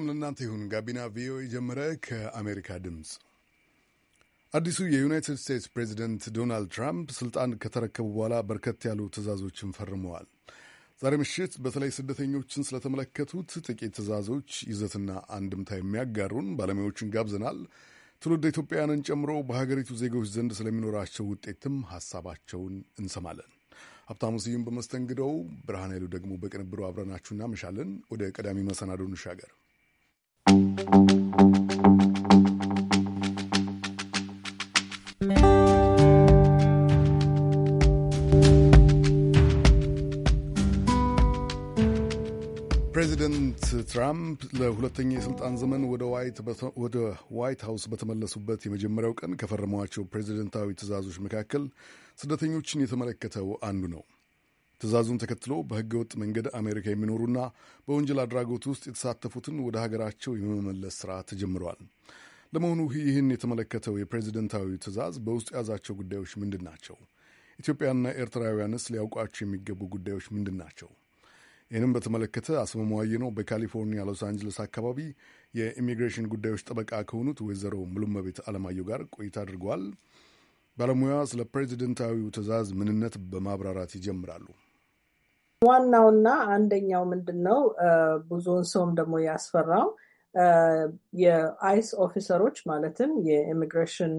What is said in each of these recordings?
ሰላም ለእናንተ ይሁን። ጋቢና ቪኦኤ ጀመረ። ከአሜሪካ ድምፅ አዲሱ የዩናይትድ ስቴትስ ፕሬዚደንት ዶናልድ ትራምፕ ስልጣን ከተረከቡ በኋላ በርከት ያሉ ትእዛዞችን ፈርመዋል። ዛሬ ምሽት በተለይ ስደተኞችን ስለተመለከቱት ጥቂት ትእዛዞች ይዘትና አንድምታ የሚያጋሩን ባለሙያዎችን ጋብዘናል። ትውልድ ኢትዮጵያውያንን ጨምሮ በሀገሪቱ ዜጎች ዘንድ ስለሚኖራቸው ውጤትም ሀሳባቸውን እንሰማለን። ሀብታሙ ስዩም በመስተንግዶው፣ ብርሃን ኃይሉ ደግሞ በቅንብሩ አብረናችሁ እናመሻለን። ወደ ቀዳሚ መሰናዶ እንሻገር። ፕሬዚደንት ትራምፕ ለሁለተኛ የስልጣን ዘመን ወደ ዋይት ሀውስ በተመለሱበት የመጀመሪያው ቀን ከፈረሟቸው ፕሬዚደንታዊ ትዕዛዞች መካከል ስደተኞችን የተመለከተው አንዱ ነው። ትእዛዙን ተከትሎ በህገወጥ መንገድ አሜሪካ የሚኖሩና በወንጀል አድራጎት ውስጥ የተሳተፉትን ወደ ሀገራቸው የመመለስ ስራ ተጀምረዋል። ለመሆኑ ይህን የተመለከተው የፕሬዚደንታዊ ትዕዛዝ በውስጡ የያዛቸው ጉዳዮች ምንድን ናቸው? ኢትዮጵያና ኤርትራውያንስ ሊያውቋቸው የሚገቡ ጉዳዮች ምንድን ናቸው? ይህንም በተመለከተ አስመማዋየ ነው በካሊፎርኒያ ሎስ አንጀለስ አካባቢ የኢሚግሬሽን ጉዳዮች ጠበቃ ከሆኑት ወይዘሮ ሙሉመቤት አለማየሁ ጋር ቆይታ አድርገዋል። ባለሙያ ስለ ፕሬዚደንታዊው ትዕዛዝ ምንነት በማብራራት ይጀምራሉ። ዋናውና አንደኛው ምንድን ነው ብዙውን ሰውም ደግሞ ያስፈራው የአይስ ኦፊሰሮች ማለትም የኢሚግሬሽን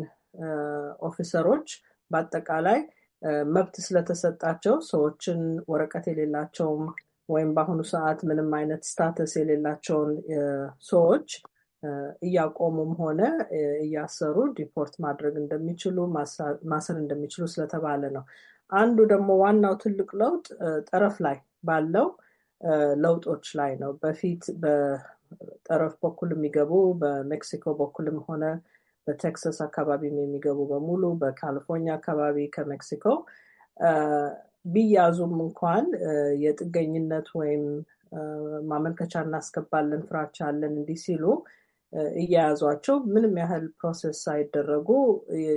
ኦፊሰሮች በአጠቃላይ መብት ስለተሰጣቸው ሰዎችን ወረቀት የሌላቸውም ወይም በአሁኑ ሰዓት ምንም አይነት ስታተስ የሌላቸውን ሰዎች እያቆሙም ሆነ እያሰሩ ዲፖርት ማድረግ እንደሚችሉ ማሰር እንደሚችሉ ስለተባለ ነው። አንዱ ደግሞ ዋናው ትልቅ ለውጥ ጠረፍ ላይ ባለው ለውጦች ላይ ነው። በፊት በጠረፍ በኩል የሚገቡ በሜክሲኮ በኩልም ሆነ በቴክሳስ አካባቢም የሚገቡ በሙሉ በካሊፎርኒያ አካባቢ ከሜክሲኮ ቢያዙም እንኳን የጥገኝነት ወይም ማመልከቻ እናስገባለን፣ ፍራቻ አለን እንዲህ ሲሉ እያያዟቸው ምንም ያህል ፕሮሴስ ሳይደረጉ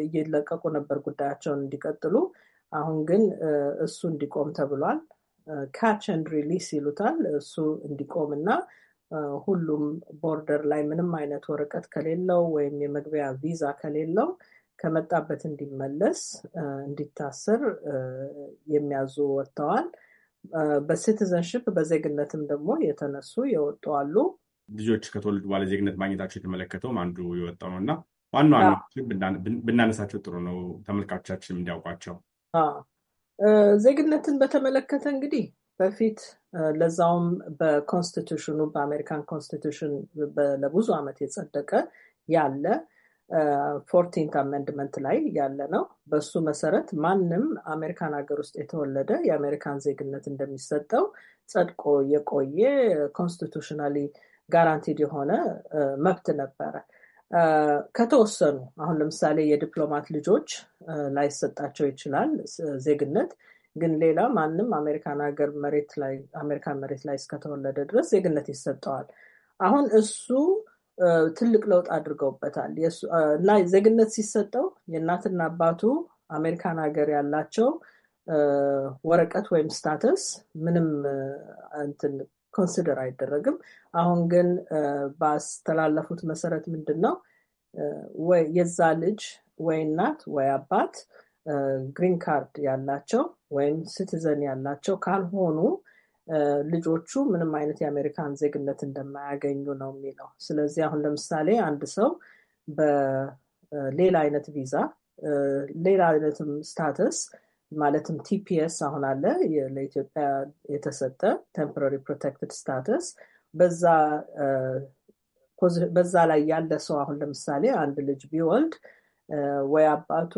እየለቀቁ ነበር ጉዳያቸውን እንዲቀጥሉ። አሁን ግን እሱ እንዲቆም ተብሏል። ካች ኤንድ ሪሊስ ይሉታል። እሱ እንዲቆም እና ሁሉም ቦርደር ላይ ምንም አይነት ወረቀት ከሌለው ወይም የመግቢያ ቪዛ ከሌለው ከመጣበት እንዲመለስ እንዲታሰር የሚያዙ ወጥተዋል። በሲቲዘንሽፕ በዜግነትም ደግሞ የተነሱ የወጡ አሉ። ልጆች ከተወለዱ በኋላ ዜግነት ማግኘታቸው የተመለከተውም አንዱ የወጣው ነው እና ዋና ዋና ብናነሳቸው ጥሩ ነው ተመልካቾቻችንም እንዲያውቋቸው። ዜግነትን በተመለከተ እንግዲህ በፊት ለዛውም በኮንስቲቱሽኑ በአሜሪካን ኮንስቲቱሽን ለብዙ ዓመት የጸደቀ ያለ ፎርቲንት አሜንድመንት ላይ ያለ ነው። በሱ መሰረት ማንም አሜሪካን ሀገር ውስጥ የተወለደ የአሜሪካን ዜግነት እንደሚሰጠው ጸድቆ የቆየ ኮንስቲቱሽናሊ ጋራንቲድ የሆነ መብት ነበረ። ከተወሰኑ አሁን ለምሳሌ የዲፕሎማት ልጆች ላይሰጣቸው ይችላል ዜግነት። ግን ሌላ ማንም አሜሪካን ሀገር መሬት ላይ አሜሪካን መሬት ላይ እስከተወለደ ድረስ ዜግነት ይሰጠዋል። አሁን እሱ ትልቅ ለውጥ አድርገውበታል እና ዜግነት ሲሰጠው የእናትና አባቱ አሜሪካን ሀገር ያላቸው ወረቀት ወይም ስታተስ ምንም እንትን ኮንሲደር አይደረግም። አሁን ግን ባስተላለፉት መሰረት ምንድን ነው የዛ ልጅ ወይ እናት ወይ አባት ግሪን ካርድ ያላቸው ወይም ሲቲዘን ያላቸው ካልሆኑ ልጆቹ ምንም አይነት የአሜሪካን ዜግነት እንደማያገኙ ነው የሚለው። ስለዚህ አሁን ለምሳሌ አንድ ሰው በሌላ አይነት ቪዛ ሌላ አይነትም ስታተስ ማለትም ቲፒኤስ አሁን አለ ለኢትዮጵያ የተሰጠ ቴምፖራሪ ፕሮቴክትድ ስታተስ። በዛ ላይ ያለ ሰው አሁን ለምሳሌ አንድ ልጅ ቢወልድ ወይ አባቱ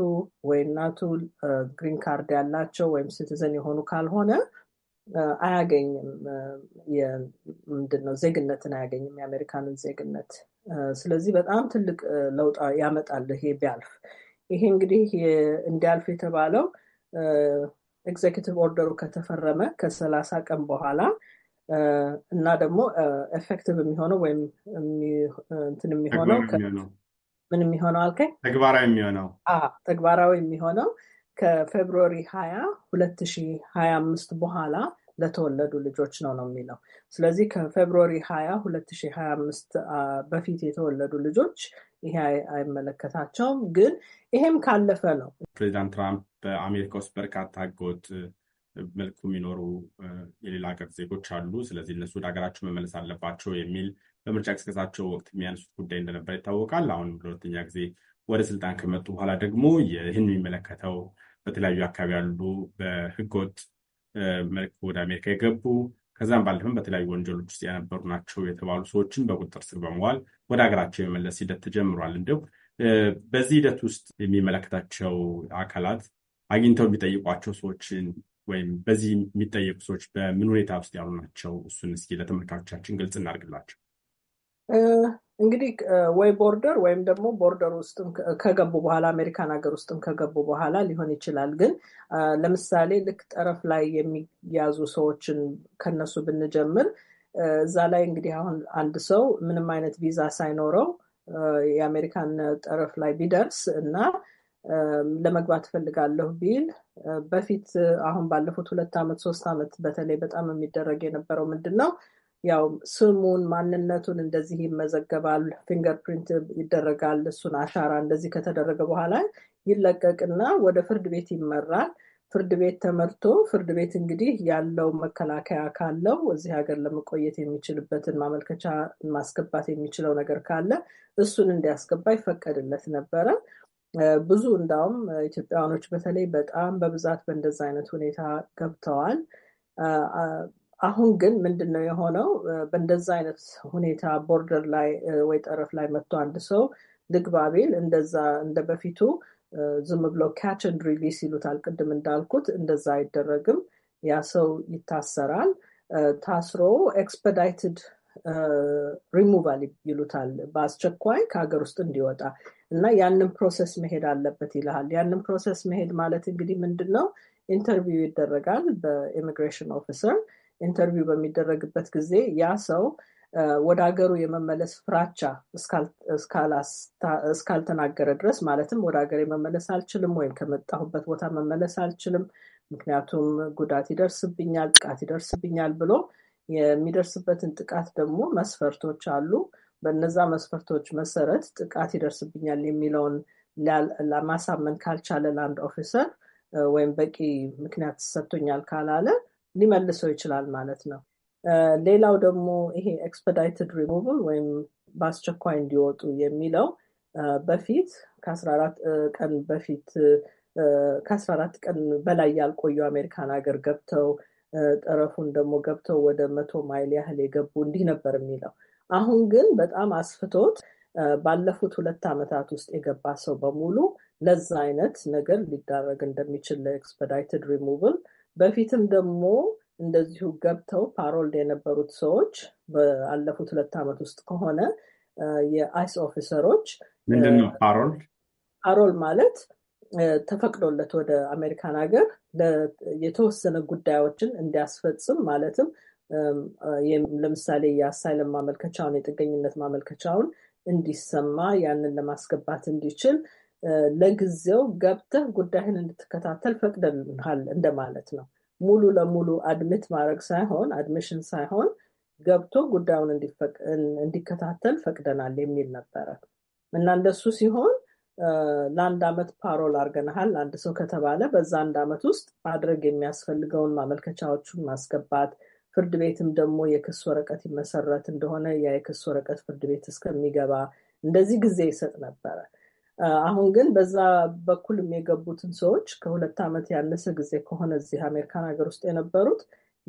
ወይ እናቱ ግሪን ካርድ ያላቸው ወይም ሲቲዘን የሆኑ ካልሆነ አያገኝም። ምንድን ነው ዜግነትን አያገኝም፣ የአሜሪካንን ዜግነት። ስለዚህ በጣም ትልቅ ለውጥ ያመጣል ይሄ ቢያልፍ። ይሄ እንግዲህ እንዲያልፍ የተባለው ኤግዜኪቲቭ ኦርደሩ ከተፈረመ ከሰላሳ ቀን በኋላ እና ደግሞ ኤፌክቲቭ የሚሆነው ወይም እንትን የሚሆነው ምን የሚሆነው አልከኝ? ተግባራዊ የሚሆነው ተግባራዊ የሚሆነው ከፌብሩዋሪ ሀያ ሁለት ሺ ሀያ አምስት በኋላ ለተወለዱ ልጆች ነው ነው የሚለው። ስለዚህ ከፌብሩዋሪ ሀያ ሁለት ሺ ሀያ አምስት በፊት የተወለዱ ልጆች ይሄ አይመለከታቸውም። ግን ይሄም ካለፈ ነው። ፕሬዚዳንት ትራምፕ በአሜሪካ ውስጥ በርካታ ህገወጥ መልኩ የሚኖሩ የሌላ ሀገር ዜጎች አሉ፣ ስለዚህ እነሱ ወደ ሀገራቸው መመለስ አለባቸው የሚል በምርጫ ቅስቀሳቸው ወቅት የሚያነሱት ጉዳይ እንደነበር ይታወቃል። አሁን ለሁለተኛ ጊዜ ወደ ስልጣን ከመጡ በኋላ ደግሞ ይህን የሚመለከተው በተለያዩ አካባቢ ያሉ በህገወጥ መልክ ወደ አሜሪካ የገቡ ከዛም ባለፈም በተለያዩ ወንጀሎች ውስጥ የነበሩ ናቸው የተባሉ ሰዎችን በቁጥጥር ስር በመዋል ወደ ሀገራቸው የመመለስ ሂደት ተጀምሯል። እንዲሁ በዚህ ሂደት ውስጥ የሚመለከታቸው አካላት አግኝተው የሚጠይቋቸው ሰዎችን ወይም በዚህ የሚጠየቁ ሰዎች በምን ሁኔታ ውስጥ ያሉ ናቸው? እሱን እስኪ ለተመልካቾቻችን ግልጽ እናርግላቸው። እንግዲህ ወይ ቦርደር ወይም ደግሞ ቦርደር ውስጥም ከገቡ በኋላ አሜሪካን ሀገር ውስጥም ከገቡ በኋላ ሊሆን ይችላል። ግን ለምሳሌ ልክ ጠረፍ ላይ የሚያዙ ሰዎችን ከነሱ ብንጀምር እዛ ላይ እንግዲህ አሁን አንድ ሰው ምንም አይነት ቪዛ ሳይኖረው የአሜሪካን ጠረፍ ላይ ቢደርስ እና ለመግባት እፈልጋለሁ ቢል በፊት አሁን ባለፉት ሁለት ዓመት ሶስት ዓመት በተለይ በጣም የሚደረግ የነበረው ምንድን ነው ያው ስሙን ማንነቱን እንደዚህ ይመዘገባል፣ ፊንገር ፕሪንት ይደረጋል። እሱን አሻራ እንደዚህ ከተደረገ በኋላ ይለቀቅና ወደ ፍርድ ቤት ይመራል። ፍርድ ቤት ተመርቶ ፍርድ ቤት እንግዲህ ያለው መከላከያ ካለው እዚህ ሀገር ለመቆየት የሚችልበትን ማመልከቻ ማስገባት የሚችለው ነገር ካለ እሱን እንዲያስገባ ይፈቀድለት ነበረ። ብዙ እንዳውም ኢትዮጵያውያኖች በተለይ በጣም በብዛት በእንደዚ አይነት ሁኔታ ገብተዋል። አሁን ግን ምንድን ነው የሆነው? በእንደዛ አይነት ሁኔታ ቦርደር ላይ ወይ ጠረፍ ላይ መጥቶ አንድ ሰው ልግባ ቢል እንደዛ እንደ በፊቱ ዝም ብሎ ካች ን ሪሊስ ይሉታል። ቅድም እንዳልኩት እንደዛ አይደረግም። ያ ሰው ይታሰራል። ታስሮ ኤክስፐዳይትድ ሪሙቫል ይሉታል። በአስቸኳይ ከሀገር ውስጥ እንዲወጣ እና ያንን ፕሮሰስ መሄድ አለበት ይልሃል። ያንን ፕሮሰስ መሄድ ማለት እንግዲህ ምንድን ነው? ኢንተርቪው ይደረጋል በኢሚግሬሽን ኦፊሰር ኢንተርቪው በሚደረግበት ጊዜ ያ ሰው ወደ ሀገሩ የመመለስ ፍራቻ እስካልተናገረ ድረስ ማለትም ወደ ሀገር መመለስ አልችልም ወይም ከመጣሁበት ቦታ መመለስ አልችልም፣ ምክንያቱም ጉዳት ይደርስብኛል፣ ጥቃት ይደርስብኛል ብሎ የሚደርስበትን ጥቃት ደግሞ መስፈርቶች አሉ። በነዛ መስፈርቶች መሰረት ጥቃት ይደርስብኛል የሚለውን ለማሳመን ካልቻለ ላንድ ኦፊሰር ወይም በቂ ምክንያት ሰጥቶኛል ካላለ ሊመልሰው ይችላል ማለት ነው። ሌላው ደግሞ ይሄ ኤክስፐዳይትድ ሪሞቭል ወይም በአስቸኳይ እንዲወጡ የሚለው በፊት ከአስራ አራት ቀን በፊት ከአስራ አራት ቀን በላይ ያልቆዩ አሜሪካን ሀገር ገብተው ጠረፉን ደግሞ ገብተው ወደ መቶ ማይል ያህል የገቡ እንዲህ ነበር የሚለው። አሁን ግን በጣም አስፍቶት ባለፉት ሁለት ዓመታት ውስጥ የገባ ሰው በሙሉ ለዛ አይነት ነገር ሊዳረግ እንደሚችል ለኤክስፐዳይትድ ሪሙቭል በፊትም ደግሞ እንደዚሁ ገብተው ፓሮልድ የነበሩት ሰዎች ባለፉት ሁለት ዓመት ውስጥ ከሆነ የአይስ ኦፊሰሮች ምንድን ነው ፓሮልድ? ፓሮል ማለት ተፈቅዶለት ወደ አሜሪካን ሀገር የተወሰነ ጉዳዮችን እንዲያስፈጽም ማለትም ለምሳሌ የአሳይለም ማመልከቻውን የጥገኝነት ማመልከቻውን እንዲሰማ ያንን ለማስገባት እንዲችል ለጊዜው ገብተህ ጉዳይህን እንድትከታተል ፈቅደንሃል እንደማለት ነው። ሙሉ ለሙሉ አድሚት ማድረግ ሳይሆን አድሚሽን ሳይሆን ገብቶ ጉዳዩን እንዲከታተል ፈቅደናል የሚል ነበረ እና እንደሱ ሲሆን ለአንድ አመት ፓሮል አድርገንሃል አንድ ሰው ከተባለ በዛ አንድ አመት ውስጥ ማድረግ የሚያስፈልገውን ማመልከቻዎቹን ማስገባት ፍርድ ቤትም ደግሞ የክስ ወረቀት ይመሰረት እንደሆነ ያ የክስ ወረቀት ፍርድ ቤት እስከሚገባ እንደዚህ ጊዜ ይሰጥ ነበረ። አሁን ግን በዛ በኩልም የገቡትን ሰዎች ከሁለት ዓመት ያነሰ ጊዜ ከሆነ እዚህ አሜሪካን ሀገር ውስጥ የነበሩት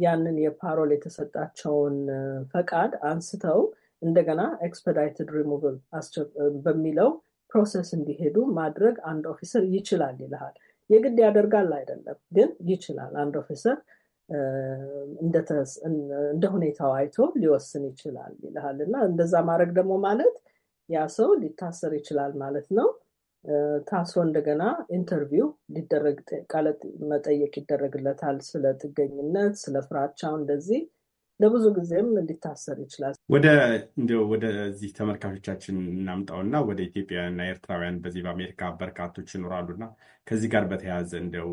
ያንን የፓሮል የተሰጣቸውን ፈቃድ አንስተው እንደገና ኤክስፐዳይትድ ሪሙቭል በሚለው ፕሮሰስ እንዲሄዱ ማድረግ አንድ ኦፊሰር ይችላል ይልሃል። የግድ ያደርጋል አይደለም፣ ግን ይችላል። አንድ ኦፊሰር እንደ ሁኔታው አይቶ ሊወስን ይችላል ይልሃል። እና እንደዛ ማድረግ ደግሞ ማለት ያ ሰው ሊታሰር ይችላል ማለት ነው። ታስሮ እንደገና ኢንተርቪው ሊደረግ ቃለ መጠየቅ ይደረግለታል። ስለ ጥገኝነት፣ ስለ ፍራቻው እንደዚህ ለብዙ ጊዜም ሊታሰር ይችላል። ወደ እንዲያው ወደዚህ ተመልካቾቻችን እናምጣውና ወደ ኢትዮጵያውያንና ኤርትራውያን በዚህ በአሜሪካ በርካቶች ይኖራሉና ከዚህ ጋር በተያያዘ እንዲያው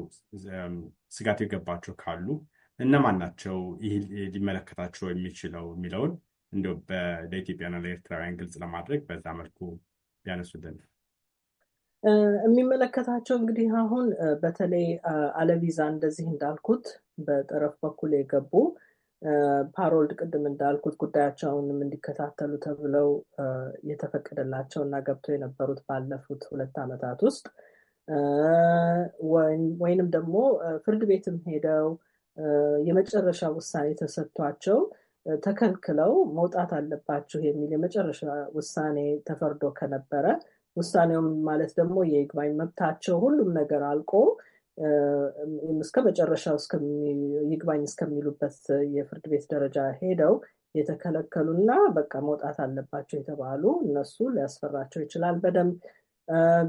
ስጋት የገባቸው ካሉ እነማን ናቸው? ይህ ሊመለከታቸው የሚችለው የሚለውን እንዲሁ ለኢትዮጵያና ለኤርትራውያን ግልጽ ለማድረግ በዛ መልኩ ቢያነሱልን። የሚመለከታቸው እንግዲህ አሁን በተለይ አለቪዛ እንደዚህ እንዳልኩት በጠረፍ በኩል የገቡ ፓሮልድ ቅድም እንዳልኩት ጉዳያቸውንም እንዲከታተሉ ተብለው የተፈቀደላቸው እና ገብቶ የነበሩት ባለፉት ሁለት ዓመታት ውስጥ ወይንም ደግሞ ፍርድ ቤትም ሄደው የመጨረሻ ውሳኔ ተሰጥቷቸው ተከልክለው መውጣት አለባችሁ የሚል የመጨረሻ ውሳኔ ተፈርዶ ከነበረ ውሳኔውም ማለት ደግሞ የይግባኝ መብታቸው ሁሉም ነገር አልቆ እስከ መጨረሻው ይግባኝ እስከሚሉበት የፍርድ ቤት ደረጃ ሄደው የተከለከሉና በቃ መውጣት አለባቸው የተባሉ እነሱ ሊያስፈራቸው ይችላል። በደንብ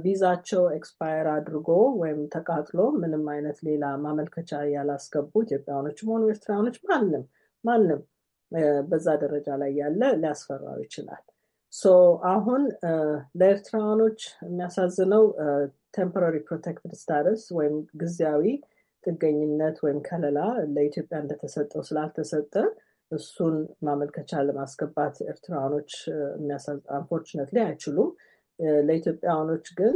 ቪዛቸው ኤክስፓየር አድርጎ ወይም ተቃጥሎ ምንም አይነት ሌላ ማመልከቻ ያላስገቡ ኢትዮጵያውያኖችም ሆኑ ኤርትራውያኖች ማንም ማንም በዛ ደረጃ ላይ ያለ ሊያስፈራው ይችላል። ሶ አሁን ለኤርትራውያኖች የሚያሳዝነው ቴምፖራሪ ፕሮቴክትድ ስታትስ ወይም ጊዜያዊ ጥገኝነት ወይም ከለላ ለኢትዮጵያ እንደተሰጠው ስላልተሰጠ እሱን ማመልከቻ ለማስገባት ኤርትራውያኖች ላይ አይችሉም። ለኢትዮጵያውያኖች ግን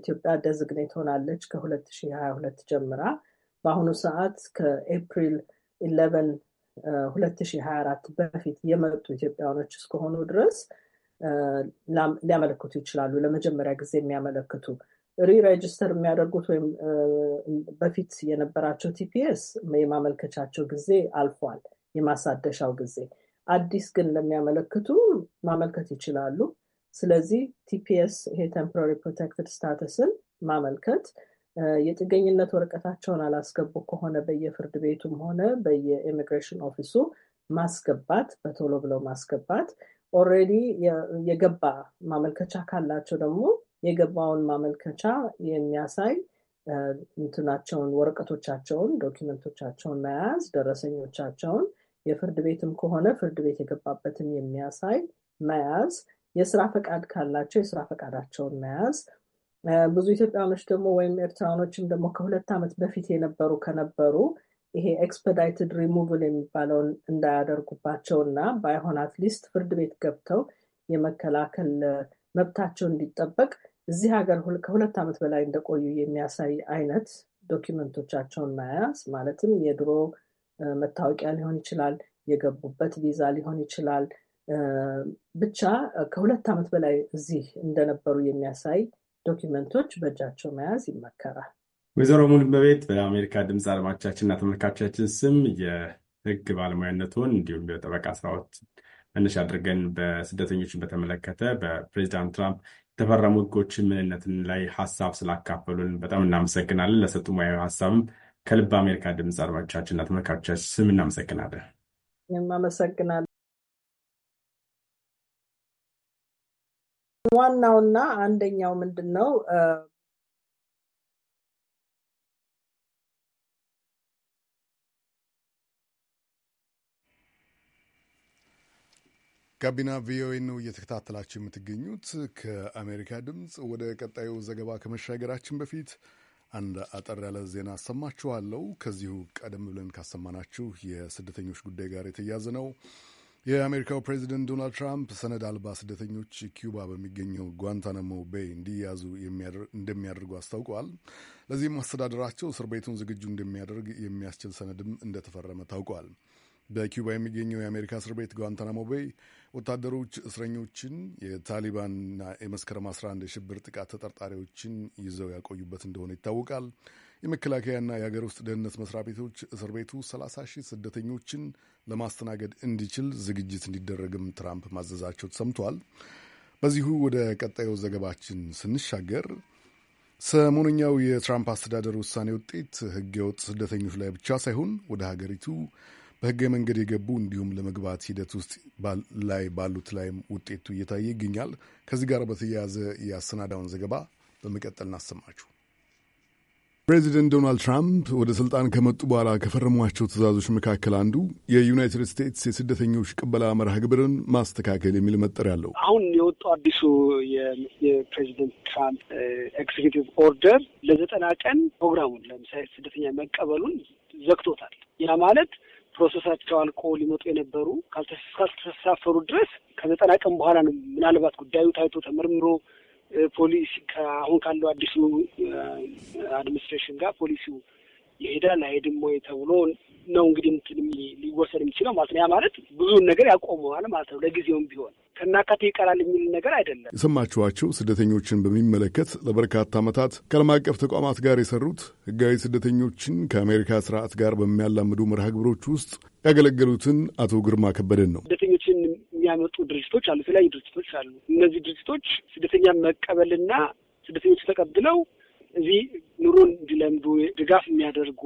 ኢትዮጵያ ደዝግኔት ሆናለች ከ2022 ጀምራ በአሁኑ ሰዓት ከኤፕሪል ኢለቨን 2024 በፊት የመጡ ኢትዮጵያውያኖች እስከሆኑ ድረስ ሊያመለክቱ ይችላሉ። ለመጀመሪያ ጊዜ የሚያመለክቱ ሪሬጅስተር የሚያደርጉት ወይም በፊት የነበራቸው ቲፒኤስ የማመልከቻቸው ጊዜ አልፏል፣ የማሳደሻው ጊዜ። አዲስ ግን ለሚያመለክቱ ማመልከት ይችላሉ። ስለዚህ ቲፒኤስ ይሄ ቴምፖራሪ ፕሮቴክትድ ስታተስን ማመልከት የጥገኝነት ወረቀታቸውን አላስገቡ ከሆነ በየፍርድ ቤቱም ሆነ በየኢሚግሬሽን ኦፊሱ ማስገባት፣ በቶሎ ብለው ማስገባት። ኦልሬዲ የገባ ማመልከቻ ካላቸው ደግሞ የገባውን ማመልከቻ የሚያሳይ እንትናቸውን ወረቀቶቻቸውን፣ ዶኪመንቶቻቸውን መያዝ፣ ደረሰኞቻቸውን የፍርድ ቤትም ከሆነ ፍርድ ቤት የገባበትን የሚያሳይ መያዝ፣ የስራ ፈቃድ ካላቸው የስራ ፈቃዳቸውን መያዝ ብዙ ኢትዮጵያኖች ደግሞ ወይም ኤርትራኖችም ደግሞ ከሁለት ዓመት በፊት የነበሩ ከነበሩ ይሄ ኤክስፐዳይትድ ሪሙቭል የሚባለውን እንዳያደርጉባቸው እና ባይሆን አትሊስት ፍርድ ቤት ገብተው የመከላከል መብታቸው እንዲጠበቅ እዚህ ሀገር ከሁለት ዓመት በላይ እንደቆዩ የሚያሳይ አይነት ዶኪመንቶቻቸውን መያዝ ማለትም የድሮ መታወቂያ ሊሆን ይችላል፣ የገቡበት ቪዛ ሊሆን ይችላል። ብቻ ከሁለት ዓመት በላይ እዚህ እንደነበሩ የሚያሳይ ዶኪመንቶች በእጃቸው መያዝ ይመከራል። ወይዘሮ በቤት በአሜሪካ ድምፅ አድማጮቻችን እና ተመልካቾቻችን ስም የህግ ባለሙያነቱን እንዲሁም የጠበቃ ስራዎች መነሻ አድርገን በስደተኞችን በተመለከተ በፕሬዚዳንት ትራምፕ የተፈረሙ ህጎችን ምንነትን ላይ ሀሳብ ስላካፈሉን በጣም እናመሰግናለን። ለሰጡ ሙያዊ ሀሳብም ከልብ አሜሪካ ድምፅ አድማጮቻችን እና ተመልካቾቻችን ስም እናመሰግናለን። እናመሰግናለን። ዋናውና አንደኛው ምንድን ነው ጋቢና ቪኦኤ ነው እየተከታተላችሁ የምትገኙት ከአሜሪካ ድምፅ። ወደ ቀጣዩ ዘገባ ከመሻገራችን በፊት አንድ አጠር ያለ ዜና አሰማችኋለሁ። ከዚሁ ቀደም ብለን ካሰማናችሁ የስደተኞች ጉዳይ ጋር የተያያዘ ነው። የአሜሪካው ፕሬዚደንት ዶናልድ ትራምፕ ሰነድ አልባ ስደተኞች ኪዩባ በሚገኘው ጓንታናሞ ቤይ እንዲያዙ እንደሚያደርጉ አስታውቀዋል። ለዚህም አስተዳደራቸው እስር ቤቱን ዝግጁ እንደሚያደርግ የሚያስችል ሰነድም እንደተፈረመ ታውቋል። በኪዩባ የሚገኘው የአሜሪካ እስር ቤት ጓንታናሞ ቤይ ወታደሮች እስረኞችን፣ የታሊባንና የመስከረም 11 የሽብር ጥቃት ተጠርጣሪዎችን ይዘው ያቆዩበት እንደሆነ ይታወቃል። የመከላከያና የሀገር ውስጥ ደህንነት መስሪያ ቤቶች እስር ቤቱ 30 ሺህ ስደተኞችን ለማስተናገድ እንዲችል ዝግጅት እንዲደረግም ትራምፕ ማዘዛቸው ተሰምቷል። በዚሁ ወደ ቀጣዩ ዘገባችን ስንሻገር ሰሞነኛው የትራምፕ አስተዳደር ውሳኔ ውጤት ወጥ ስደተኞች ላይ ብቻ ሳይሆን ወደ ሀገሪቱ በህጋዊ መንገድ የገቡ እንዲሁም ለመግባት ሂደት ውስጥ ላይ ባሉት ላይም ውጤቱ እየታየ ይገኛል። ከዚህ ጋር በተያያዘ የአሰናዳውን ዘገባ በመቀጠል እናሰማችሁ። ፕሬዚደንት ዶናልድ ትራምፕ ወደ ስልጣን ከመጡ በኋላ ከፈረሟቸው ትዕዛዞች መካከል አንዱ የዩናይትድ ስቴትስ የስደተኞች ቅበላ መርሃ ግብርን ማስተካከል የሚል መጠሪያ አለው። አሁን የወጡ አዲሱ የፕሬዚደንት ትራምፕ ኤግዚኪቲቭ ኦርደር ለዘጠና ቀን ፕሮግራሙን ለምሳሌ ስደተኛ መቀበሉን ዘግቶታል። ያ ማለት ፕሮሰሳቸው አልቆ ሊመጡ የነበሩ ካልተሳፈሩ ድረስ ከዘጠና ቀን በኋላ ነው ምናልባት ጉዳዩ ታይቶ ተመርምሮ ፖሊሲ አሁን ካለው አዲሱ አድሚኒስትሬሽን ጋር ፖሊሲው ይሄዳል አይሄድም ወይ ተብሎ ነው እንግዲህ እንትን ሊወሰድ የሚችለው ማለት ነው። ያ ማለት ብዙውን ነገር ያቆመዋል ማለት ነው ለጊዜውም ቢሆን ከናካቴ ይቀራል የሚል ነገር አይደለም። የሰማችኋቸው ስደተኞችን በሚመለከት ለበርካታ ዓመታት ከዓለም አቀፍ ተቋማት ጋር የሰሩት ህጋዊ ስደተኞችን ከአሜሪካ ስርዓት ጋር በሚያላምዱ መርሃ ግብሮች ውስጥ ያገለገሉትን አቶ ግርማ ከበደን ነው። ስደተኞችን የሚያመጡ ድርጅቶች አሉ፣ የተለያዩ ድርጅቶች አሉ። እነዚህ ድርጅቶች ስደተኛ መቀበልና ስደተኞች ተቀብለው እዚህ ኑሮን እንዲለምዱ ድጋፍ የሚያደርጉ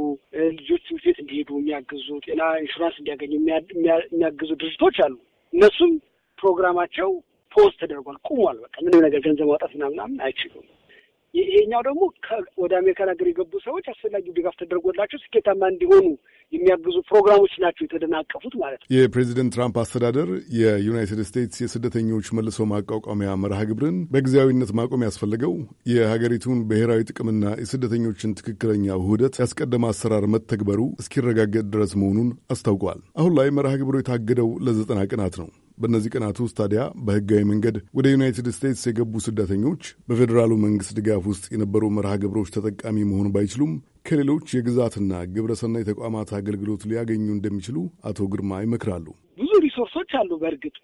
ልጆች ትምህርት ቤት እንዲሄዱ የሚያግዙ ጤና ኢንሹራንስ እንዲያገኙ የሚያግዙ ድርጅቶች አሉ። እነሱም ፕሮግራማቸው ፖዝ ተደርጓል፣ ቁሟል። በቃ ምንም ነገር ገንዘብ ማውጣት ምናምናምን አይችሉም። ይሄኛው ደግሞ ወደ አሜሪካን ሀገር የገቡ ሰዎች አስፈላጊው ድጋፍ ተደርጎላቸው ስኬታማ እንዲሆኑ የሚያግዙ ፕሮግራሞች ናቸው የተደናቀፉት ማለት ነው። የፕሬዚደንት ትራምፕ አስተዳደር የዩናይትድ ስቴትስ የስደተኞች መልሶ ማቋቋሚያ መርሃ ግብርን በጊዜያዊነት ማቆም ያስፈለገው የሀገሪቱን ብሔራዊ ጥቅምና የስደተኞችን ትክክለኛ ውህደት ያስቀደመ አሰራር መተግበሩ እስኪረጋገጥ ድረስ መሆኑን አስታውቋል። አሁን ላይ መርሃ ግብሩ የታገደው ለዘጠና ቀናት ነው። በእነዚህ ቀናት ውስጥ ታዲያ በህጋዊ መንገድ ወደ ዩናይትድ ስቴትስ የገቡ ስደተኞች በፌዴራሉ መንግስት ድጋፍ ውስጥ የነበሩ መርሃ ግብሮች ተጠቃሚ መሆን ባይችሉም ከሌሎች የግዛትና ግብረሰናይ ተቋማት አገልግሎት ሊያገኙ እንደሚችሉ አቶ ግርማ ይመክራሉ። ብዙ ሪሶርሶች አሉ። በእርግጥ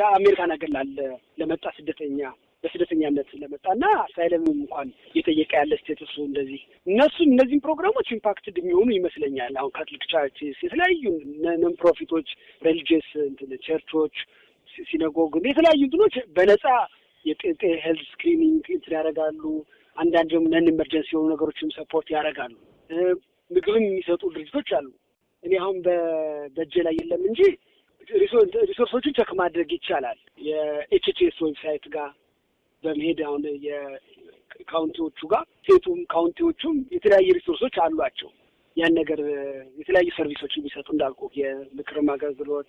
የአሜሪካን አገር ላለ ለመጣ ስደተኛ በስደተኛነት ስለመጣ እና አሳይለምም እንኳን እየጠየቀ ያለ ስቴትሱ እንደዚህ እነሱ እነዚህም ፕሮግራሞች ኢምፓክትድ የሚሆኑ ይመስለኛል። አሁን ካትሊክ ቻርችስ፣ የተለያዩ ነን ፕሮፊቶች፣ ሬሊጅስ እንትን ቸርቾች፣ ሲነጎግ የተለያዩ እንትኖች በነጻ የጤ ሄልት ስክሪኒንግ እንትን ያደርጋሉ። አንዳንድ ደግሞ ነን ኤመርጀንሲ የሆኑ ነገሮችም ሰፖርት ያደርጋሉ። ምግብም የሚሰጡ ድርጅቶች አሉ። እኔ አሁን በእጄ ላይ የለም እንጂ ሪሶርሶችን ቸክ ማድረግ ይቻላል። የኤችኤችኤስ ዌብሳይት ጋር በመሄድ አሁን የካውንቲዎቹ ጋር ሴቱም ካውንቲዎቹም የተለያየ ሪሶርሶች አሏቸው። ያን ነገር የተለያዩ ሰርቪሶች የሚሰጡ እንዳልኩ የምክርም አገልግሎት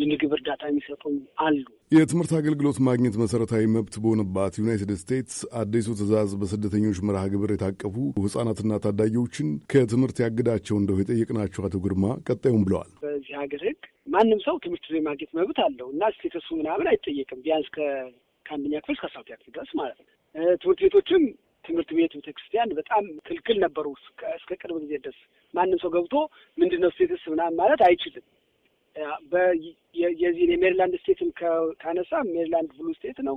የምግብ እርዳታ የሚሰጡም አሉ። የትምህርት አገልግሎት ማግኘት መሰረታዊ መብት በሆነባት ዩናይትድ ስቴትስ አዲሱ ትዕዛዝ በስደተኞች መርሃ ግብር የታቀፉ ህጻናትና ታዳጊዎችን ከትምህርት ያግዳቸው እንደው የጠየቅናቸው አቶ ግርማ ቀጣዩም ብለዋል። በዚህ ሀገር ህግ ማንም ሰው ትምህርት የማግኘት መብት አለው እና ስቴተሱ ምናምን አይጠየቅም ቢያንስ ከአንደኛ ክፍል እስከ አስራ ክፍል ድረስ ማለት ነው። ትምህርት ቤቶችም ትምህርት ቤት ቤተክርስቲያን በጣም ክልክል ነበሩ እስከ ቅርብ ጊዜ ድረስ ማንም ሰው ገብቶ ምንድን ነው ስቴትስ ምናምን ማለት አይችልም። የዚህ የሜሪላንድ ስቴትም ካነሳ ሜሪላንድ ብሉ ስቴት ነው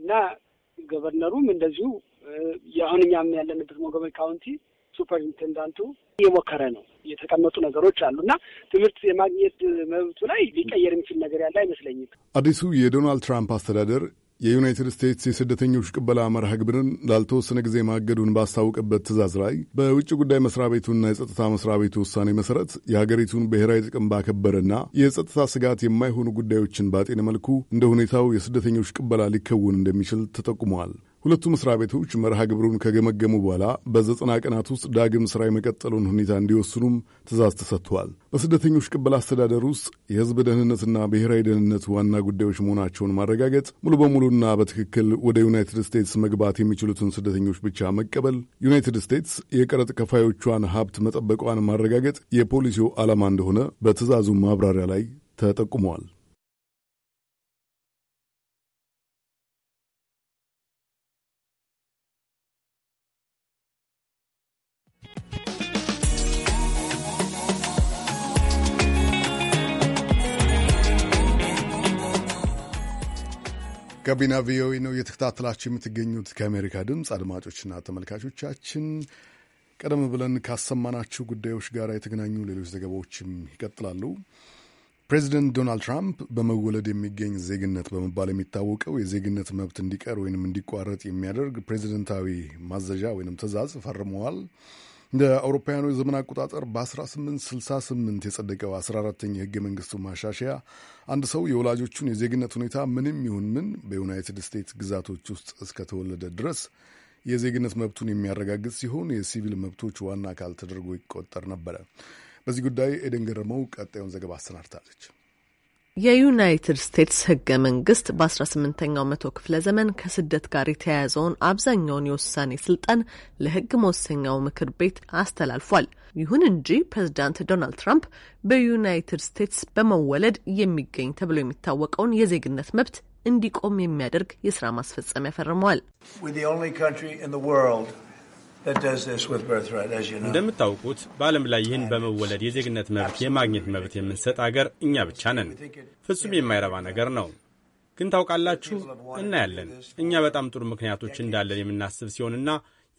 እና ገቨርነሩም እንደዚሁ የአሁን እኛም ያለንበት ሞንትጎመሪ ካውንቲ ሱፐርኢንቴንዳንቱ እየሞከረ ነው። የተቀመጡ ነገሮች አሉና ትምህርት የማግኘት መብቱ ላይ ሊቀየር የሚችል ነገር ያለ አይመስለኝም። አዲሱ የዶናልድ ትራምፕ አስተዳደር የዩናይትድ ስቴትስ የስደተኞች ቅበላ መርሃ ግብርን ላልተወሰነ ጊዜ ማገዱን ባስታወቀበት ትእዛዝ ላይ በውጭ ጉዳይ መስሪያ ቤቱና የጸጥታ መስሪያ ቤቱ ውሳኔ መሰረት የሀገሪቱን ብሔራዊ ጥቅም ባከበረና የጸጥታ ስጋት የማይሆኑ ጉዳዮችን ባጤነ መልኩ እንደ ሁኔታው የስደተኞች ቅበላ ሊከውን እንደሚችል ተጠቁመዋል። ሁለቱ መስሪያ ቤቶች መርሃ ግብሩን ከገመገሙ በኋላ በዘጠና ቀናት ውስጥ ዳግም ስራ የመቀጠሉን ሁኔታ እንዲወስኑም ትእዛዝ ተሰጥተዋል። በስደተኞች ቅበላ አስተዳደር ውስጥ የህዝብ ደህንነትና ብሔራዊ ደህንነት ዋና ጉዳዮች መሆናቸውን ማረጋገጥ፣ ሙሉ በሙሉና በትክክል ወደ ዩናይትድ ስቴትስ መግባት የሚችሉትን ስደተኞች ብቻ መቀበል፣ ዩናይትድ ስቴትስ የቀረጥ ከፋዮቿን ሀብት መጠበቋን ማረጋገጥ የፖሊሲው ዓላማ እንደሆነ በትእዛዙ ማብራሪያ ላይ ተጠቁመዋል። ጋቢና ቪኦኤ ነው እየተከታተላችሁ የምትገኙት። ከአሜሪካ ድምፅ አድማጮችና ተመልካቾቻችን ቀደም ብለን ካሰማናችሁ ጉዳዮች ጋር የተገናኙ ሌሎች ዘገባዎችም ይቀጥላሉ። ፕሬዚደንት ዶናልድ ትራምፕ በመወለድ የሚገኝ ዜግነት በመባል የሚታወቀው የዜግነት መብት እንዲቀር ወይንም እንዲቋረጥ የሚያደርግ ፕሬዚደንታዊ ማዘዣ ወይንም ትዕዛዝ ፈርመዋል። እንደ አውሮፓውያኑ የዘመን አቆጣጠር በ1868 የጸደቀው 14ተኛ የህገ መንግስቱ ማሻሻያ አንድ ሰው የወላጆቹን የዜግነት ሁኔታ ምንም ይሁን ምን በዩናይትድ ስቴትስ ግዛቶች ውስጥ እስከተወለደ ድረስ የዜግነት መብቱን የሚያረጋግጥ ሲሆን የሲቪል መብቶች ዋና አካል ተደርጎ ይቆጠር ነበረ። በዚህ ጉዳይ ኤደን ገረመው ቀጣዩን ዘገባ አሰናድታለች። የዩናይትድ ስቴትስ ህገ መንግስት በ18ኛው መቶ ክፍለ ዘመን ከስደት ጋር የተያያዘውን አብዛኛውን የውሳኔ ስልጣን ለህግ መወሰኛው ምክር ቤት አስተላልፏል። ይሁን እንጂ ፕሬዚዳንት ዶናልድ ትራምፕ በዩናይትድ ስቴትስ በመወለድ የሚገኝ ተብሎ የሚታወቀውን የዜግነት መብት እንዲቆም የሚያደርግ የስራ ማስፈጸሚያ ፈርመዋል። እንደምታውቁት በዓለም ላይ ይህን በመወለድ የዜግነት መብት የማግኘት መብት የምንሰጥ አገር እኛ ብቻ ነን። ፍጹም የማይረባ ነገር ነው። ግን ታውቃላችሁ፣ እናያለን። እኛ በጣም ጥሩ ምክንያቶች እንዳለን የምናስብ ሲሆንና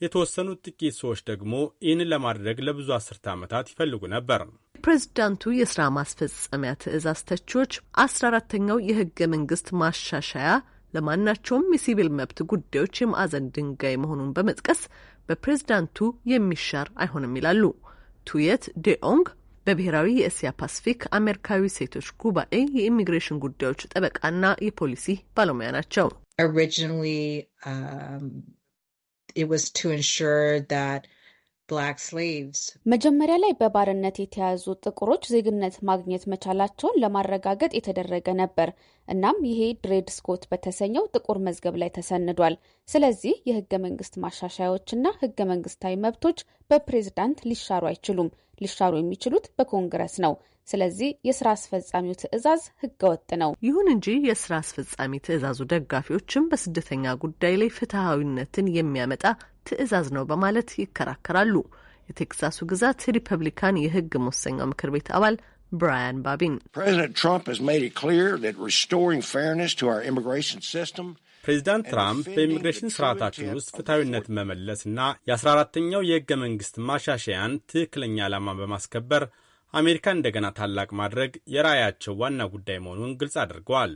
የተወሰኑት ጥቂት ሰዎች ደግሞ ይህንን ለማድረግ ለብዙ አስርተ ዓመታት ይፈልጉ ነበር። ፕሬዚዳንቱ የሥራ ማስፈጸሚያ ትእዛዝ ተቺዎች አስራ አራተኛው የህገ መንግሥት ማሻሻያ ለማናቸውም የሲቪል መብት ጉዳዮች የማዕዘን ድንጋይ መሆኑን በመጥቀስ በፕሬዝዳንቱ የሚሻር አይሆንም ይላሉ። ቱየት ዴኦንግ በብሔራዊ የእስያ ፓሲፊክ አሜሪካዊ ሴቶች ጉባኤ የኢሚግሬሽን ጉዳዮች ጠበቃና የፖሊሲ ባለሙያ ናቸው። መጀመሪያ ላይ በባርነት የተያዙ ጥቁሮች ዜግነት ማግኘት መቻላቸውን ለማረጋገጥ የተደረገ ነበር። እናም ይሄ ድሬድ ስኮት በተሰኘው ጥቁር መዝገብ ላይ ተሰንዷል። ስለዚህ የህገ መንግስት ማሻሻያዎችና ህገ መንግስታዊ መብቶች በፕሬዝዳንት ሊሻሩ አይችሉም። ሊሻሩ የሚችሉት በኮንግረስ ነው። ስለዚህ የስራ አስፈጻሚው ትዕዛዝ ህገወጥ ነው። ይሁን እንጂ የስራ አስፈጻሚ ትዕዛዙ ደጋፊዎችም በስደተኛ ጉዳይ ላይ ፍትሐዊነትን የሚያመጣ ትዕዛዝ ነው በማለት ይከራከራሉ። የቴክሳሱ ግዛት ሪፐብሊካን የህግ መወሰኛው ምክር ቤት አባል ብራያን ባቢን ፕሬዚዳንት ትራምፕ በኢሚግሬሽን ስርዓታችን ውስጥ ፍትሐዊነትን መመለስና 14 ተኛው የህገ መንግሥት ማሻሻያን ትክክለኛ ዓላማ በማስከበር አሜሪካን እንደገና ታላቅ ማድረግ የራዕያቸው ዋና ጉዳይ መሆኑን ግልጽ አድርገዋል።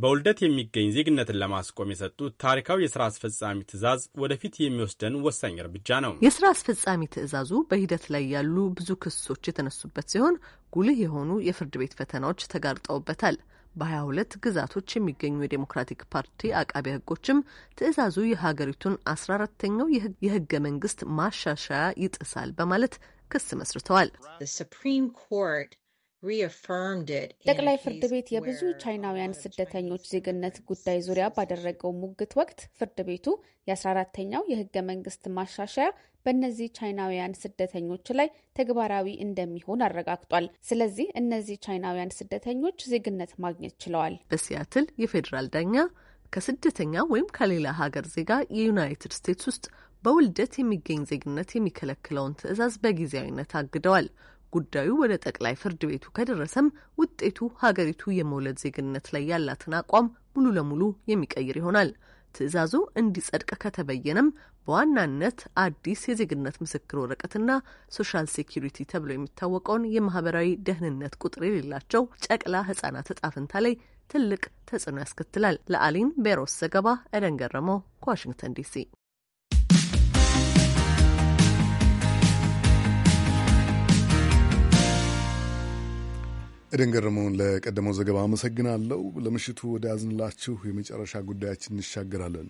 በውልደት የሚገኝ ዜግነትን ለማስቆም የሰጡት ታሪካዊ የስራ አስፈጻሚ ትዕዛዝ ወደፊት የሚወስደን ወሳኝ እርምጃ ነው። የስራ አስፈጻሚ ትዕዛዙ በሂደት ላይ ያሉ ብዙ ክሶች የተነሱበት ሲሆን ጉልህ የሆኑ የፍርድ ቤት ፈተናዎች ተጋርጠውበታል። በሀያ ሁለት ግዛቶች የሚገኙ የዴሞክራቲክ ፓርቲ አቃቢ ህጎችም ትዕዛዙ የሀገሪቱን አስራ አራተኛው የህገ መንግስት ማሻሻያ ይጥሳል በማለት ክስ መስርተዋል። ጠቅላይ ፍርድ ቤት የብዙ uh, ቻይናውያን ስደተኞች ዜግነት ጉዳይ ዙሪያ ባደረገው ሙግት ወቅት ፍርድ ቤቱ የ14ተኛው የህገ መንግስት ማሻሻያ በእነዚህ ቻይናውያን ስደተኞች ላይ ተግባራዊ እንደሚሆን አረጋግጧል። ስለዚህ እነዚህ ቻይናውያን ስደተኞች ዜግነት ማግኘት ችለዋል። በሲያትል የፌዴራል ዳኛ ከስደተኛ ወይም ከሌላ ሀገር ዜጋ የዩናይትድ ስቴትስ ውስጥ በውልደት የሚገኝ ዜግነት የሚከለክለውን ትዕዛዝ በጊዜያዊነት አግደዋል። ጉዳዩ ወደ ጠቅላይ ፍርድ ቤቱ ከደረሰም ውጤቱ ሀገሪቱ የመውለድ ዜግነት ላይ ያላትን አቋም ሙሉ ለሙሉ የሚቀይር ይሆናል። ትዕዛዙ እንዲጸድቅ ከተበየነም በዋናነት አዲስ የዜግነት ምስክር ወረቀትና ሶሻል ሴኪሪቲ ተብሎ የሚታወቀውን የማህበራዊ ደህንነት ቁጥር የሌላቸው ጨቅላ ህጻናት እጣ ፈንታ ላይ ትልቅ ተጽዕኖ ያስከትላል። ለአሊን ቤሮስ ዘገባ ኤደን ገረመው ከዋሽንግተን ዲሲ ኤደን ገረመውን ለቀደመው ዘገባ አመሰግናለሁ። ለምሽቱ ወደ ያዝንላችሁ የመጨረሻ ጉዳያችን እንሻገራለን።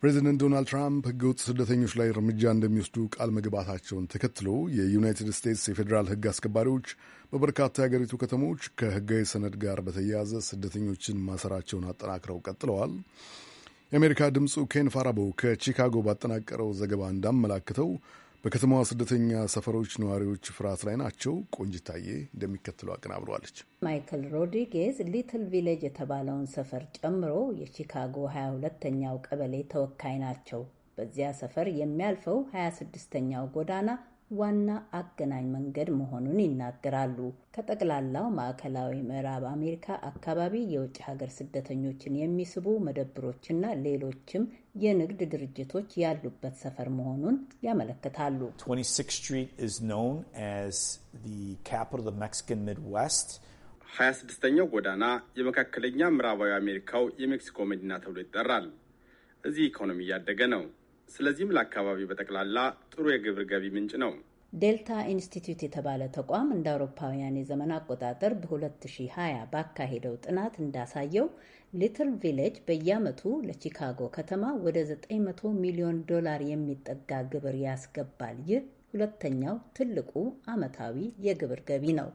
ፕሬዚደንት ዶናልድ ትራምፕ ህገወጥ ስደተኞች ላይ እርምጃ እንደሚወስዱ ቃል መግባታቸውን ተከትሎ የዩናይትድ ስቴትስ የፌዴራል ህግ አስከባሪዎች በበርካታ የአገሪቱ ከተሞች ከህጋዊ ሰነድ ጋር በተያያዘ ስደተኞችን ማሰራቸውን አጠናክረው ቀጥለዋል። የአሜሪካ ድምፁ ኬን ፋራቦ ከቺካጎ ባጠናቀረው ዘገባ እንዳመላክተው በከተማዋ ስደተኛ ሰፈሮች ነዋሪዎች ፍርሃት ላይ ናቸው። ቆንጅታዬ እንደሚከተለው አቀናብረዋለች። ማይክል ሮድሪጌዝ ሊትል ቪሌጅ የተባለውን ሰፈር ጨምሮ የቺካጎ 22 ተኛው ቀበሌ ተወካይ ናቸው። በዚያ ሰፈር የሚያልፈው 26 ተኛው ጎዳና ዋና አገናኝ መንገድ መሆኑን ይናገራሉ። ከጠቅላላው ማዕከላዊ ምዕራብ አሜሪካ አካባቢ የውጭ ሀገር ስደተኞችን የሚስቡ መደብሮችና ሌሎችም የንግድ ድርጅቶች ያሉበት ሰፈር መሆኑን ያመለክታሉ። 26ኛው ጎዳና የመካከለኛ ምዕራባዊ አሜሪካው የሜክሲኮ መዲና ተብሎ ይጠራል። እዚህ ኢኮኖሚ እያደገ ነው። ስለዚህም ለአካባቢ በጠቅላላ ጥሩ የግብር ገቢ ምንጭ ነው። ዴልታ ኢንስቲትዩት የተባለ ተቋም እንደ አውሮፓውያን የዘመን አቆጣጠር በ2020 ባካሄደው ጥናት እንዳሳየው ሊትል ቪሌጅ በየዓመቱ ለቺካጎ ከተማ ወደ 900 ሚሊዮን ዶላር የሚጠጋ ግብር ያስገባል። ይህ ሁለተኛው ትልቁ ዓመታዊ የግብር ገቢ ነው።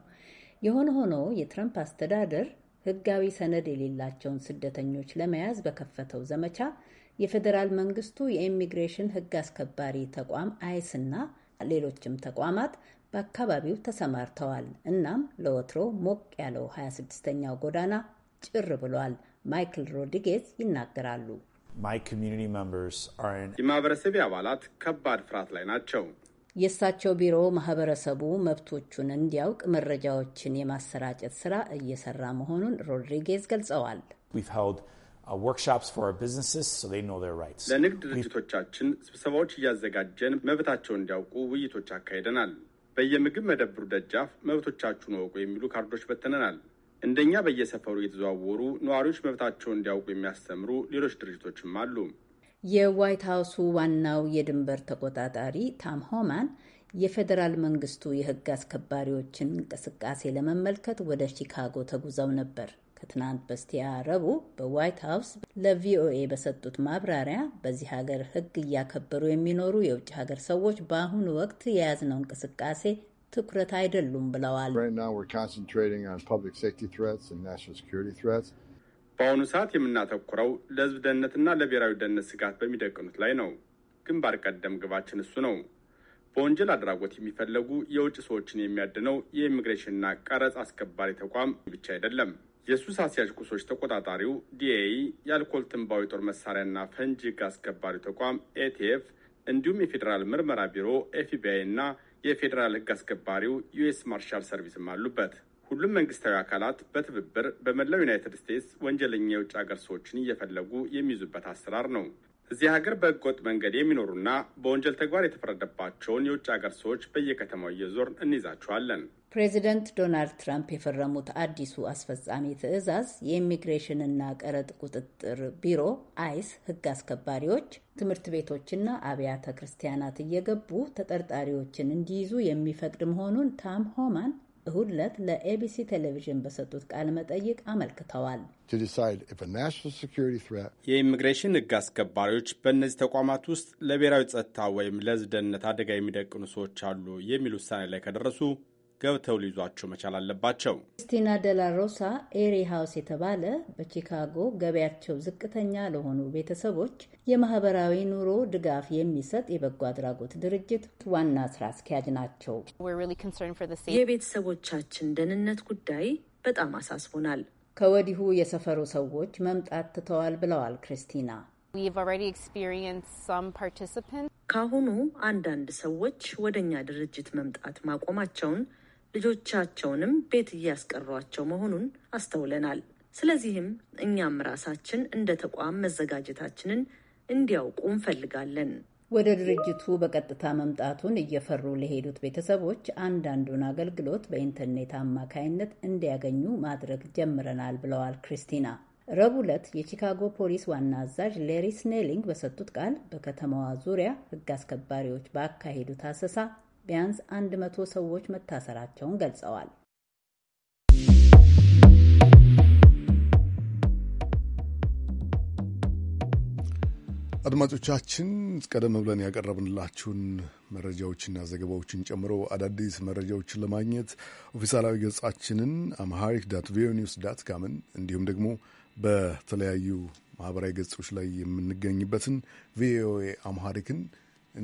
የሆነ ሆኖ የትረምፕ አስተዳደር ሕጋዊ ሰነድ የሌላቸውን ስደተኞች ለመያዝ በከፈተው ዘመቻ የፌዴራል መንግስቱ የኢሚግሬሽን ህግ አስከባሪ ተቋም አይስና ሌሎችም ተቋማት በአካባቢው ተሰማርተዋል። እናም ለወትሮ ሞቅ ያለው 26ኛው ጎዳና ጭር ብሏል። ማይክል ሮድሪጌዝ ይናገራሉ። የማህበረሰቤ አባላት ከባድ ፍርሃት ላይ ናቸው። የእሳቸው ቢሮ ማህበረሰቡ መብቶቹን እንዲያውቅ መረጃዎችን የማሰራጨት ስራ እየሰራ መሆኑን ሮድሪጌዝ ገልጸዋል። ለንግድ ድርጅቶቻችን ስብሰባዎች እያዘጋጀን መብታቸውን እንዲያውቁ ውይይቶች አካሂደናል። በየምግብ መደብሩ ደጃፍ መብቶቻችሁን እወቁ የሚሉ ካርዶች በትነናል። እንደኛ በየሰፈሩ እየተዘዋወሩ ነዋሪዎች መብታቸውን እንዲያውቁ የሚያስተምሩ ሌሎች ድርጅቶችም አሉ። የዋይት ሀውሱ ዋናው የድንበር ተቆጣጣሪ ታም ሆማን የፌዴራል መንግስቱ የህግ አስከባሪዎችን እንቅስቃሴ ለመመልከት ወደ ቺካጎ ተጉዘው ነበር። ከትናንት በስቲያ ረቡዕ በዋይት ሀውስ ለቪኦኤ በሰጡት ማብራሪያ በዚህ ሀገር ሕግ እያከበሩ የሚኖሩ የውጭ ሀገር ሰዎች በአሁኑ ወቅት የያዝነው እንቅስቃሴ ትኩረት አይደሉም ብለዋል። በአሁኑ ሰዓት የምናተኩረው ለህዝብ ደህንነትና ለብሔራዊ ደህንነት ስጋት በሚደቅኑት ላይ ነው። ግንባር ቀደም ግባችን እሱ ነው። በወንጀል አድራጎት የሚፈለጉ የውጭ ሰዎችን የሚያድነው የኢሚግሬሽንና ቀረጽ አስከባሪ ተቋም ብቻ አይደለም። የሱስ አስያዥ ቁሶች ተቆጣጣሪው ዲኤኢ የአልኮል ትንባዊ ጦር መሳሪያና ፈንጂ ህግ አስከባሪ ተቋም ኤቲኤፍ እንዲሁም የፌዴራል ምርመራ ቢሮ ኤፍቢአይ እና የፌዴራል ህግ አስከባሪው ዩኤስ ማርሻል ሰርቪስም አሉበት። ሁሉም መንግስታዊ አካላት በትብብር በመላው ዩናይትድ ስቴትስ ወንጀለኛ የውጭ ሀገር ሰዎችን እየፈለጉ የሚይዙበት አሰራር ነው። እዚህ ሀገር በህገወጥ መንገድ የሚኖሩና በወንጀል ተግባር የተፈረደባቸውን የውጭ ሀገር ሰዎች በየከተማው እየዞር እንይዛቸዋለን። ፕሬዚደንት ዶናልድ ትራምፕ የፈረሙት አዲሱ አስፈጻሚ ትዕዛዝ የኢሚግሬሽንና ቀረጥ ቁጥጥር ቢሮ አይስ ሕግ አስከባሪዎች ትምህርት ቤቶችና አብያተ ክርስቲያናት እየገቡ ተጠርጣሪዎችን እንዲይዙ የሚፈቅድ መሆኑን ታም ሆማን እሁድ ዕለት ለኤቢሲ ቴሌቪዥን በሰጡት ቃለ መጠይቅ አመልክተዋል። የኢሚግሬሽን ሕግ አስከባሪዎች በእነዚህ ተቋማት ውስጥ ለብሔራዊ ጸጥታ ወይም ለሕዝብ ደህንነት አደጋ የሚደቅኑ ሰዎች አሉ የሚል ውሳኔ ላይ ከደረሱ ገብተው ሊይዟቸው መቻል አለባቸው። ክርስቲና ደላሮሳ ኤሪ ሃውስ የተባለ በቺካጎ ገበያቸው ዝቅተኛ ለሆኑ ቤተሰቦች የማህበራዊ ኑሮ ድጋፍ የሚሰጥ የበጎ አድራጎት ድርጅት ዋና ስራ አስኪያጅ ናቸው። የቤተሰቦቻችን ደህንነት ጉዳይ በጣም አሳስቦናል። ከወዲሁ የሰፈሩ ሰዎች መምጣት ትተዋል ብለዋል ክርስቲና። ካሁኑ አንዳንድ ሰዎች ወደኛ ድርጅት መምጣት ማቆማቸውን ልጆቻቸውንም ቤት እያስቀሯቸው መሆኑን አስተውለናል። ስለዚህም እኛም ራሳችን እንደ ተቋም መዘጋጀታችንን እንዲያውቁ እንፈልጋለን። ወደ ድርጅቱ በቀጥታ መምጣቱን እየፈሩ ለሄዱት ቤተሰቦች አንዳንዱን አገልግሎት በኢንተርኔት አማካይነት እንዲያገኙ ማድረግ ጀምረናል ብለዋል ክሪስቲና። ረቡዕ ዕለት የቺካጎ ፖሊስ ዋና አዛዥ ሌሪ ስኔሊንግ በሰጡት ቃል በከተማዋ ዙሪያ ሕግ አስከባሪዎች ባካሄዱት አሰሳ ቢያንስ 100 ሰዎች መታሰራቸውን ገልጸዋል። አድማጮቻችን ቀደም ብለን ያቀረብንላችሁን መረጃዎችና ዘገባዎችን ጨምሮ አዳዲስ መረጃዎችን ለማግኘት ኦፊሳላዊ ገጻችንን አምሃሪክ ዳት ቪኦኤ ኒውስ ዳት ካምን እንዲሁም ደግሞ በተለያዩ ማህበራዊ ገጾች ላይ የምንገኝበትን ቪኦኤ አምሃሪክን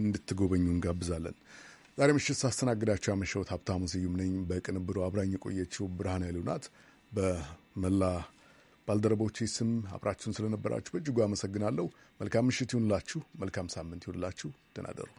እንድትጎበኙ እንጋብዛለን። ዛሬ ምሽት ሳስተናግዳቸው ያመሸሁት ሀብታሙ ስዩም ነኝ። በቅንብሩ አብራኝ የቆየችው ብርሃን ኃይሉ ናት። በመላ ባልደረቦች ስም አብራችሁን ስለነበራችሁ በእጅጉ አመሰግናለሁ። መልካም ምሽት ይሁንላችሁ። መልካም ሳምንት ይሁንላችሁ። ደህና እደሩ።